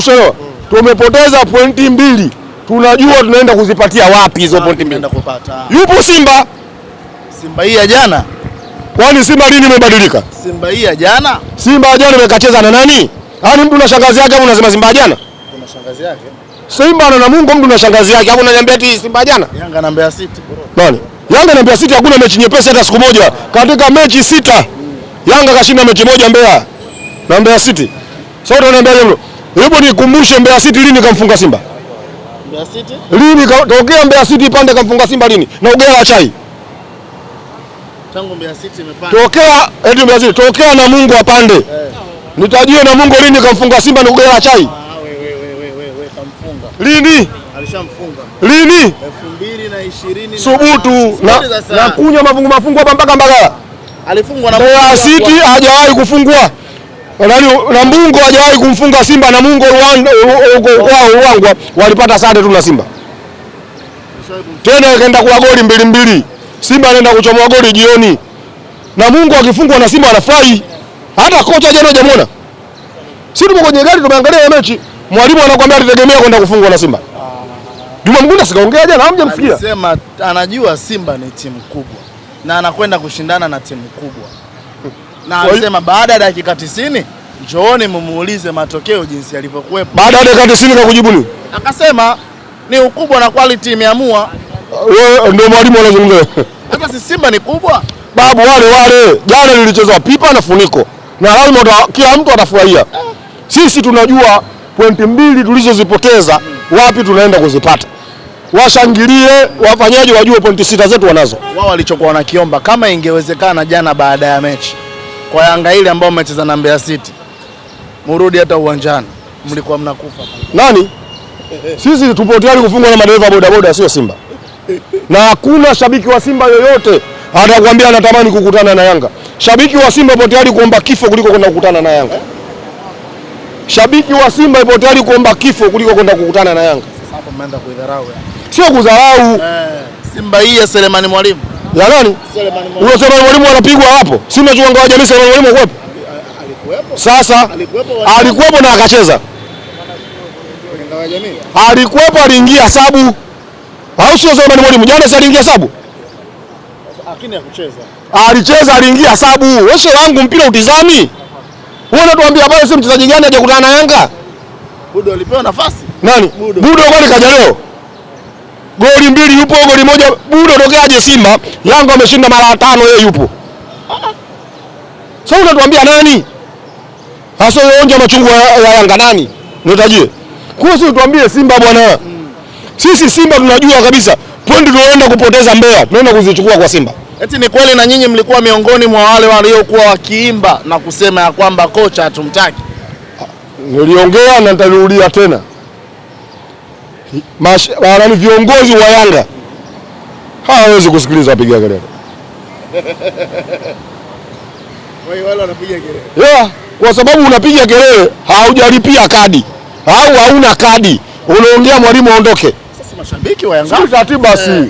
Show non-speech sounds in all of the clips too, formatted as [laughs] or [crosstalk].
siushelewa mm. Tumepoteza pointi mbili, tunajua tunaenda kuzipatia wapi hizo pointi mbili. Yupo Simba, Simba hii ya jana. Kwani Simba lini imebadilika? Simba hii ya jana, Simba ya jana imekacheza na nani? Yaani mtu na shangazi yake au unasema Simba ya jana? Kuna shangazi yake. Simba na Namungo mtu na shangazi yake au unaniambia ti Simba ya jana? Yanga na Mbeya City bro. Nani? Yanga na Mbeya City hakuna mechi nyepesi hata siku moja. Katika mechi sita, Yanga kashinda mechi moja Mbeya na Mbeya City. Sasa so, tunaambia Hebu nikumbushe Mbeya City lini kamfunga Simba? Mbeya City? Lini tokea Mbeya City pande kamfunga Simba lini? Na ugea wa chai. Tangu Mbeya City imepanda. Tokea eti eh, Mbeya City, tokea na Mungu apande. Eh. Nitajie na Mungu lini kamfunga Simba na ugea wa chai? Ah, we, we, we, we, we, we, kamfunga. Lini? Alishamfunga. Lini? 2020. Subutu na, na kunywa mafungu mafungu hapa mpaka Mbagala. Alifungwa na Mbeya City hajawahi kufungwa. Namungo hajawahi kumfunga Simba. na Namungo kwao Ruangwa walipata sare tu na Simba, tena akaenda kwa goli mbili mbili. Simba anaenda kuchomoa goli jioni. Na Namungo akifungwa na Simba anafurahi. Hata kocha jana hajamuona. si tupo kwenye gari tumeangalia mechi, mwalimu anakuambia alitegemea kwenda kufungwa na Simba. Juma Mgunda sikaongea jana, hamjamsikia anasema anajua Simba ni timu kubwa na anakwenda kushindana na timu kubwa na alisema baada ya dakika 90 njooni mumuulize matokeo jinsi yalivyokuwepo. Baada ya dakika 90 na kujibu nini? Akasema ni ukubwa na quality imeamua. Wewe ndio mwalimu anazungumza. Hata si Simba ni kubwa. Babu wale wale jana lilichezwa pipa na funiko na lazima kila mtu atafurahia. Sisi tunajua pointi mbili tulizozipoteza wapi tunaenda kuzipata. Washangilie wafanyaji wajue pointi sita zetu wanazo. Wao walichokuwa wanakiomba kama ingewezekana jana baada ya mechi kwa Yanga ile ambao mmecheza na Mbeya City, murudi hata uwanjani, mlikuwa mnakufa. Nani? Sisi tupo tayari kufungwa na madereva bodaboda, sio Simba, na hakuna shabiki wa Simba yoyote atakwambia anatamani kukutana na Yanga. Shabiki wa Simba ipo tayari kuomba kifo kuliko kwenda kukutana na Yanga. Shabiki wa Simba ipo tayari kuomba kifo kuliko kwenda kukutana na Yanga. Sasa hapo mmeenda kuidharau, sio kudharau. Eh, Simba hii ya Selemani Mwalimu ya nani? Huyo Selemani Mwalimu anapigwa hapo, si unajua ngao jamii. Selemani Mwalimu Alikuwepo. sasa, alikuwepo na akacheza, alikuwepo, aliingia sabu, au sio? Selemani Mwalimu jana, si aliingia sabu, alicheza, aliingia sabu. Weshe wangu mpira utizami, wewe unatuambia pale, si mchezaji gani hajakutana na Yanga? Budo alipewa nafasi nani? Budo kwani kaja leo? goli mbili yupo, goli moja bure. Tokeaje Simba lango ameshinda mara tano, yeye yupo. Sasa unatuambia nani hasa onja machungwa ya Yanga nani? Nitajie kwa sisi, tuambie Simba bwana. Sisi Simba tunajua kabisa pointi tunaenda kupoteza Mbeya, tunaenda kuzichukua kwa Simba. Eti ni kweli na nyinyi mlikuwa miongoni mwa wale waliokuwa wakiimba na kusema ya kwamba kocha hatumtaki? Niliongea na nitarudia tena ni viongozi wa Yanga hawawezi kusikiliza wapiga [laughs] kelele yeah, kwa sababu unapiga kelele haujalipia kadi au hauna kadi, unaongea mwalimu aondoke. Sasa mashabiki wa Yanga basi eh.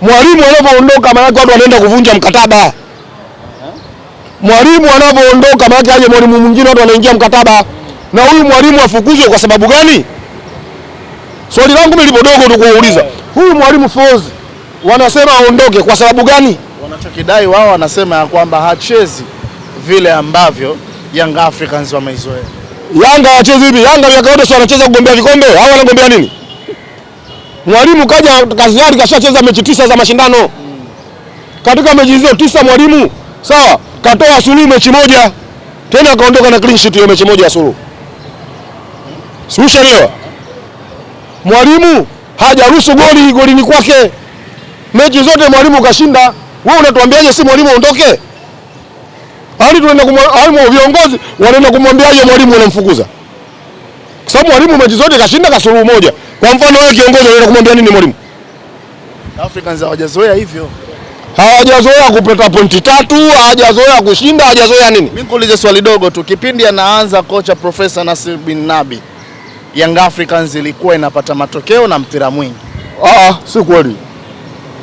Mwalimu anapoondoka maanake watu wanaenda kuvunja mkataba. Eh? Mwalimu anapoondoka maanake aje mwalimu mwingine, watu wanaingia mkataba. Na huyu mwalimu afukuzwe kwa sababu gani? Swali langu mimi lilivyo dogo nikuuliza huyu mwalimu Fozi wanasema aondoke kwa sababu gani? Wanachokidai wao wanasema ya kwamba hachezi vile ambavyo Young Africans wameizoea. Yanga hachezi hivi. Yanga miaka yote anacheza kugombea vikombe au wanagombea nini? Mwalimu kaja kazi yake kashacheza mechi tisa za mashindano hmm. Katika mechi hizo tisa mwalimu sawa, katoa suluhu mechi moja, tena akaondoka na clean sheet ya mechi moja ya suluhu, si ushanielewa? Mwalimu hajaruhusu goli golini kwake, mechi zote mwalimu kashinda. Wewe unatuambiaje? si mwalimu aondoke? Hadi tunaenda Viongozi wanaenda kumwambiaje mwalimu unamfukuza? Kwa sababu mwalimu mechi zote kashinda, kasuru moja. Kwa mfano wewe kiongozi unaenda kumwambia nini mwalimu? Africans hawajazoea hivyo, hawajazoea kupata pointi tatu, hawajazoea kushinda, hawajazoea nini. Mimi nikuulize swali dogo tu, kipindi anaanza kocha Profesa Nasir bin Nabi Young Africans ilikuwa inapata matokeo na mpira mwingi. Ah, ah, si kweli,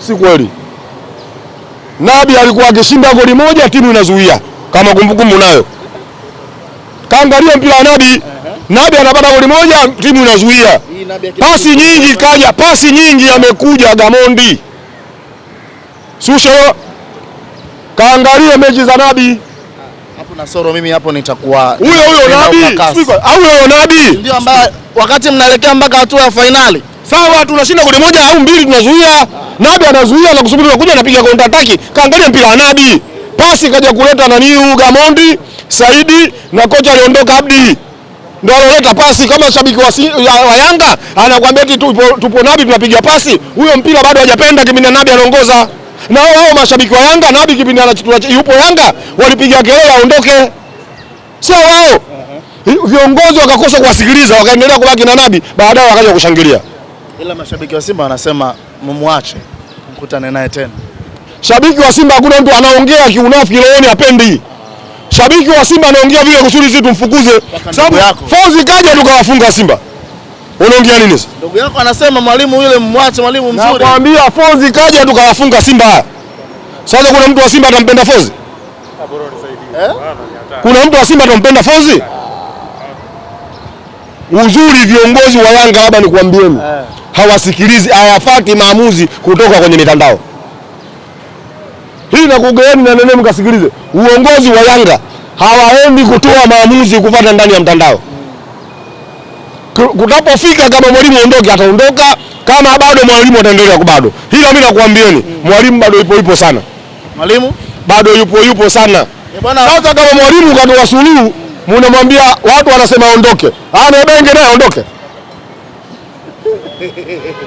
si kweli. Nabi alikuwa akishinda goli moja timu inazuia, kama kumbukumbu nayo kaangalia mpira wa Nabi uh -huh. Nabi anapata goli moja timu inazuia, pasi nyingi kaja, pasi nyingi amekuja Gamondi susho, kaangalia mechi za Nabi. Hakuna soro, mimi hapo nitakuwa huyo huyo Nabi. Au huyo Nabi ndio ambaye wakati mnaelekea mpaka hatua ya finali. Sawa, tunashinda goli moja au mbili, tunazuia Nabi anazuia na kusubiri, unakuja anapiga counter attack. Kaangalia mpira wa Nabi, pasi kaja kuleta nani, Gamondi Saidi na kocha aliondoka Abdi ndio aloleta pasi. Kama shabiki wa, si, ya, wa Yanga anakuambia eti tupo, tupo Nabi tunapiga pasi, huyo mpira bado hajapenda kimina. Nabi anaongoza na wao mashabiki wa Yanga Nabi kipindi yupo Yanga walipiga kelele aondoke, sio wao. Uh-huh. Viongozi wakakosa kuwasikiliza, wakaendelea kubaki na Nabi, baadaye wakaja kushangilia. Ila mashabiki wa Simba wanasema mumwache, mkutane naye tena. Shabiki wa Simba hakuna mtu anaongea kiunafiki leoni, apendi shabiki wa Simba anaongea vile kusudi sisi tumfukuze, sababu Fauzi kaja tukawafunga Simba Unaongea nini sasa? Ndugu yako anasema mwalimu yule mwache mwalimu mzuri. Nakwambia Fozi kaja tukawafunga Simba. Sasa kuna mtu wa Simba atampenda Fozi? Eh? Kuna mtu wa Simba atampenda Fozi? Uzuri viongozi wa Yanga hapa ni kuambieni. Eh. Hawasikilizi, hayafati maamuzi kutoka kwenye mitandao. Hii nakugeeni na nene mkasikilize. Uongozi wa Yanga hawaendi kutoa maamuzi kufuata ndani ya mtandao kutapofika kama mwalimu ondoke, ataondoka. Kama bado mwalimu ataendelea kubado, hilo mimi nakwambieni, mwalimu bado yupo yupo sana, mwalimu bado yupo yupo sana. Eh, Sasa kama mwalimu katoa suluhu, mnamwambia watu wanasema aondoke, ana ah, benge naye aondoke,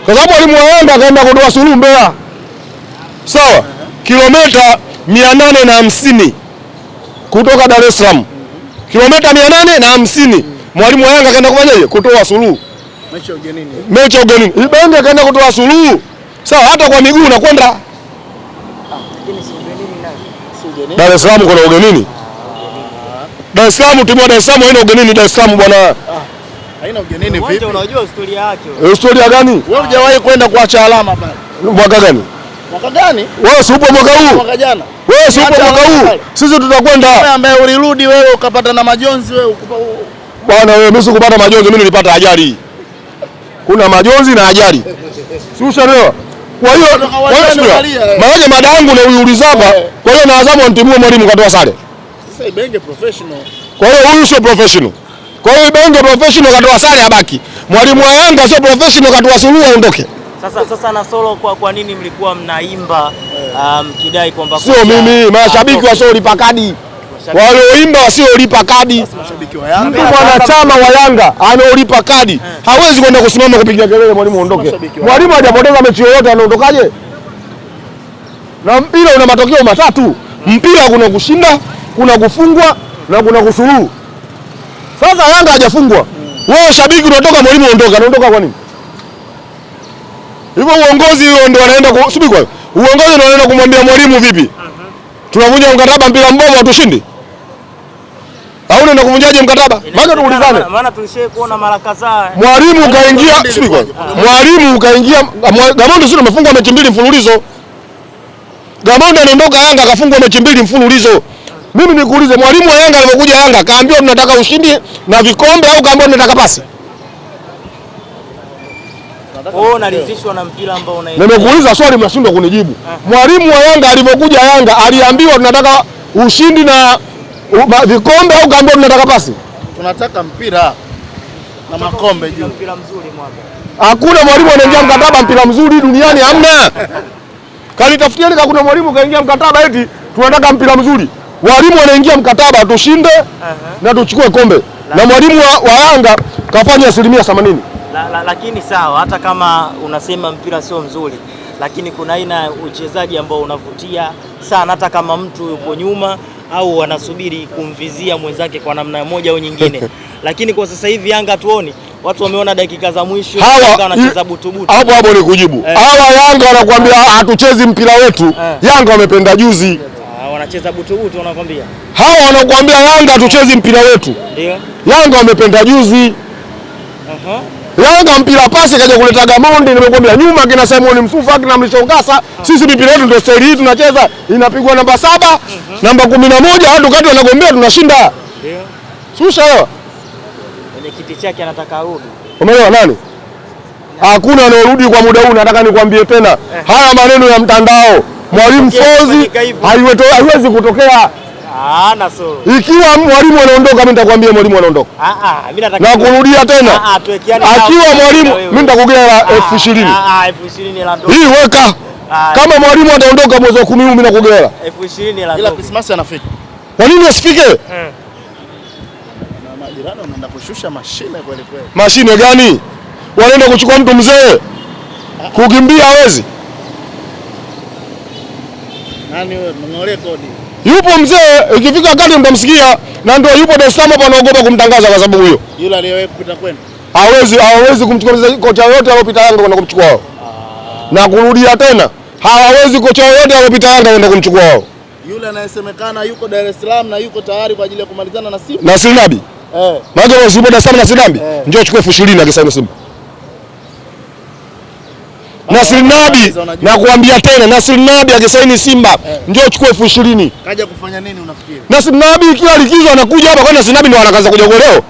kwa sababu mwalimu waenda kaenda kutoa suluhu Mbeya, sawa, kilomita mia nane na hamsini kutoka Dar es Salaam, kilomita mia nane na hamsini mwalimu wa Yanga kaenda kufanyaje? Kutoa suluhu mechi ya ugenini, mechi ya ugenini Ibenge kaenda kutoa suluhu sawa, hata kwa miguu nakwenda ah, Dar es Salaam kuna ugenini. Ah. Dar es Salaam, timu ya Dar es Salaam haina ugenini. Dar es Salaam bwana, ah, haina ugenini vipi? Unajua historia yake, eh, historia gani? Wewe hujawahi kwenda kuacha alama bwana. Mwaka gani? Mwaka gani? Wewe si upo mwaka huu? Mwaka jana. Wewe si upo mwaka huu? Sisi tutakwenda. Wewe ambaye ulirudi wewe ukapata na majonzi wewe ukupa Bwana wewe mimi sikupata majonzi, mimi nilipata ajali. Kuna majonzi na ajali. Susha leo. Kwa hiyo maana mada yangu na huyu ulizapa, kwa hiyo na Azamu antimue mwalimu katoa sare. Sasa Ibenge professional. Kwa hiyo huyu sio professional. Kwa hiyo Ibenge professional katoa sare abaki. Mwalimu wa Yanga sio professional katoa suluhu aondoke. Sasa sasa na Solo kwa, kwa nini mlikuwa mnaimba mkidai eh. um, kwamba sio mimi mashabiki wa ah, Solo lipakadi walioimba wasiolipa kadi. Mtu mwanachama wa Yanga anaolipa kadi hawezi kwenda kusimama kupiga kelele mwalimu aondoke. Mwalimu hajapoteza mechi yoyote, anaondokaje? Na mpira una matokeo matatu, mpira kuna kushinda, kuna kufungwa na kuna kusuluhu. Sasa Yanga hajafungwa, wewe shabiki unatoka, mwalimu aondoke, anaondoka kwa nini? Hivyo uongozi huo ndio anaenda ku... uongozi ndio anaenda kumwambia mwalimu, vipi tunavunja mkataba, mpira mbovu, hatushindi au nenda kuvunjaje mkataba? Maana tuulizane. Maana tulishaye kuona mara kadhaa. Mwalimu ukaingia, sipi kwanza. Ah. Mwalimu ukaingia Gamondi, sio amefungwa mechi mbili mfululizo. Gamondi anaondoka Yanga akafungwa mechi mbili mfululizo. Mimi nikuulize, mwalimu wa Yanga alipokuja Yanga kaambiwa tunataka ushindi na vikombe au kaambiwa tunataka pasi? Oh, naridhishwa na mpira ambao unaenda. Nimekuuliza swali mnashindwa kunijibu. Eh. Mwalimu wa Yanga alipokuja Yanga aliambiwa tunataka ushindi na vikombe au kaambia mnataka pasi? Tunataka mpira na makombe juu. Mpira mzuri mwaga. Hakuna mwalimu anaingia mkataba mpira mzuri duniani hamna. Kanitafutieni kama kuna mwalimu kaingia mkataba eti tunataka mpira mzuri. Walimu wanaingia mkataba tushinde uh -huh. na tuchukue kombe. La. Na mwalimu wa, wa Yanga kafanya asilimia themanini. La, la, lakini sawa, hata kama unasema mpira sio mzuri, lakini kuna aina uchezaji ambao unavutia sana, hata kama mtu yupo nyuma au wanasubiri kumvizia mwenzake kwa namna moja au nyingine [laughs] lakini kwa sasa hivi Yanga tuoni watu wameona dakika za mwisho Yanga wanacheza butubutu. Hapo hapo ni kujibu eh. hawa eh. Yanga wanakuambia ah. hatuchezi mpira wetu eh. Yanga wamependa juzi ah, wanacheza butubutu wanakuambia hawa wanakuambia Yanga hatuchezi mpira wetu Ndio. Yanga wamependa juzi uh -huh yanga mpira pasi kaja kuleta Gamondi, nimekwambia nyuma kina Simon Msufa kina Mlishongasa. Sisi mipira yetu ndio staili hii tunacheza, inapigwa namba saba mhm. namba kumi na moja watu kati wanagombea, tunashinda. Susha hiyo. kwenye kiti chake anataka arudi, Umeona nani? Hakuna anaorudi kwa muda huu. Nataka nikwambie tena eh. haya maneno ya mtandao, mwalimu Fozi haiwezi kutokea ikiwa mwalimu anaondoka, mimi nitakwambia mwalimu anaondoka, ah, ah, na kurudia tena, ah, akiwa mwalimu mimi nitakugea elfu ishirini hii weka. Kama mwalimu ataondoka mwezi wa kumi huu, mimi nakugea elfu Ila anafika, kwa nini asifike? Hmm. Mashine gani? Wanaenda kuchukua mtu mzee, kukimbia hawezi. Nani wewe? Mng'olee kodi. Yupo mzee, ikifika wakati mtamsikia, na ndio yupo Dar es Salaam hapa, anaogopa kumtangaza kwa sababu huyo yule aliyepita kwenu hawezi hawezi kumchukua kocha yoyote aliyopita Yanga kwenda kumchukua wao. Ah. Na kurudia tena, hawawezi kocha yoyote aliyopita Yanga kwenda kumchukua wao. Yule anayesemekana yuko Dar es Salaam na yuko tayari kwa ajili ya kumalizana na Simba. Na Simba. Eh. Maana yupo Dar es Salaam na Simba. Eh. Njoo chukue elfu ishirini akisaini Simba. Nasri Nabi nakuambia tena, Nasri Nabi akisaini Simba eh, ndio achukue elfu ishirini. Kaja kufanya nini unafikiri? Nasri Nabi kila likizo anakuja hapa, kwa Nasri Nabi ndio anaanza kuja leo.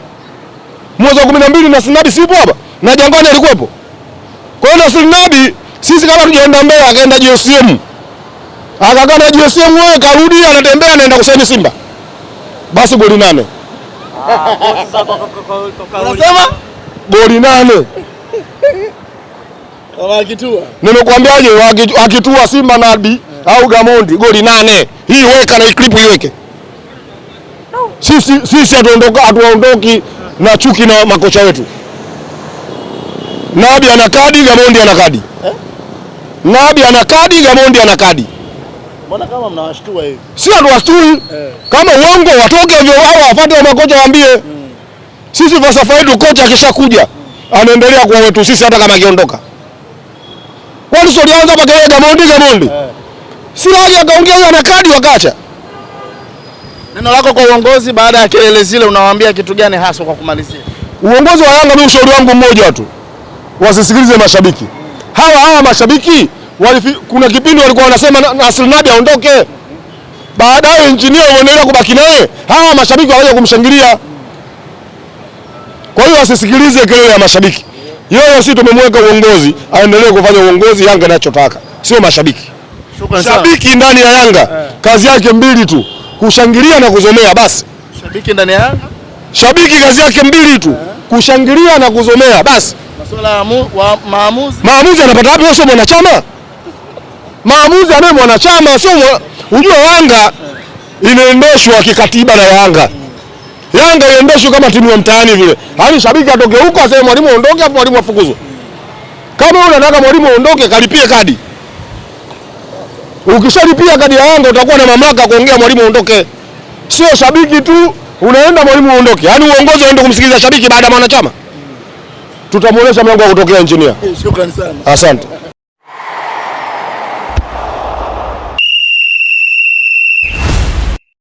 Mwezi wa 12 Nasri Nabi sipo hapa na Jangwani alikuwepo. Kwa hiyo Nasri Nabi sisi kama tujaenda Mbeya akaenda JSM. Akakaa na JSM wewe, karudi anatembea anaenda kusaini Simba. Basi goli nane. Ah, goli nane. [laughs] Nimekuambiaje? Wakitua Simba Nadi eh. au Gamondi goli nane, hii weka na clip iweke. Sisi sisi hatuondoki na chuki na makocha wetu. Nadi ana kadi, Gamondi ana kadi eh? Nadi ana kadi, Gamondi ana kadi. Mbona kama mnawashtua hivi? Si hatuwashtui eh. Kama uongo watoke hivyo wao wa makocha waambie hmm. Sisi falsafa yetu kocha akishakuja hmm. Anaendelea kuwa wetu sisi hata kama akiondoka Watu walianza kwa kelele Gamondi Gamondi. Eh. Siraji akaongea na kadi wakacha. Neno lako kwa uongozi baada ya kelele zile unawaambia kitu gani hasa kwa kumalizia? Uongozi wa Yanga mimi ushauri wangu mmoja tu. Wasisikilize mashabiki. Hawa hawa mashabiki walifi, kuna kipindi walikuwa wanasema Nasr Nabi aondoke. Baadaye injinia wanaendelea kubaki naye. Hawa mashabiki wakaja kumshangilia. Kwa hiyo wasisikilize kelele ya mashabiki. Yeye sisi tumemweka uongozi, aendelee kufanya uongozi Yanga anachotaka, sio mashabiki. Shabiki ndani ya Yanga yeah, kazi yake mbili tu, kushangilia na kuzomea basi. Shabiki ndani ya Yanga, shabiki kazi yake mbili tu, yeah, kushangilia na kuzomea basi. Masuala ya maamuzi, maamuzi anapata wapi? Sio mwanachama, maamuzi anaye mwanachama sio. Unajua Yanga eh. inaendeshwa kikatiba na Yanga Yanga iendeshwe kama timu ya mtaani vile, yaani shabiki atoke huko aseme mwalimu aondoke hapo, mwalimu afukuzwe. Kama unataka mwalimu aondoke, kalipie kadi. Ukishalipia kadi ya Yanga utakuwa na mamlaka kuongea mwalimu aondoke, sio shabiki tu unaenda mwalimu aondoke. Yaani uongozi uende kumsikiliza shabiki baada ya mwanachama. Tutamuonesha mlango wa kutokea injinia. Shukrani sana, asante.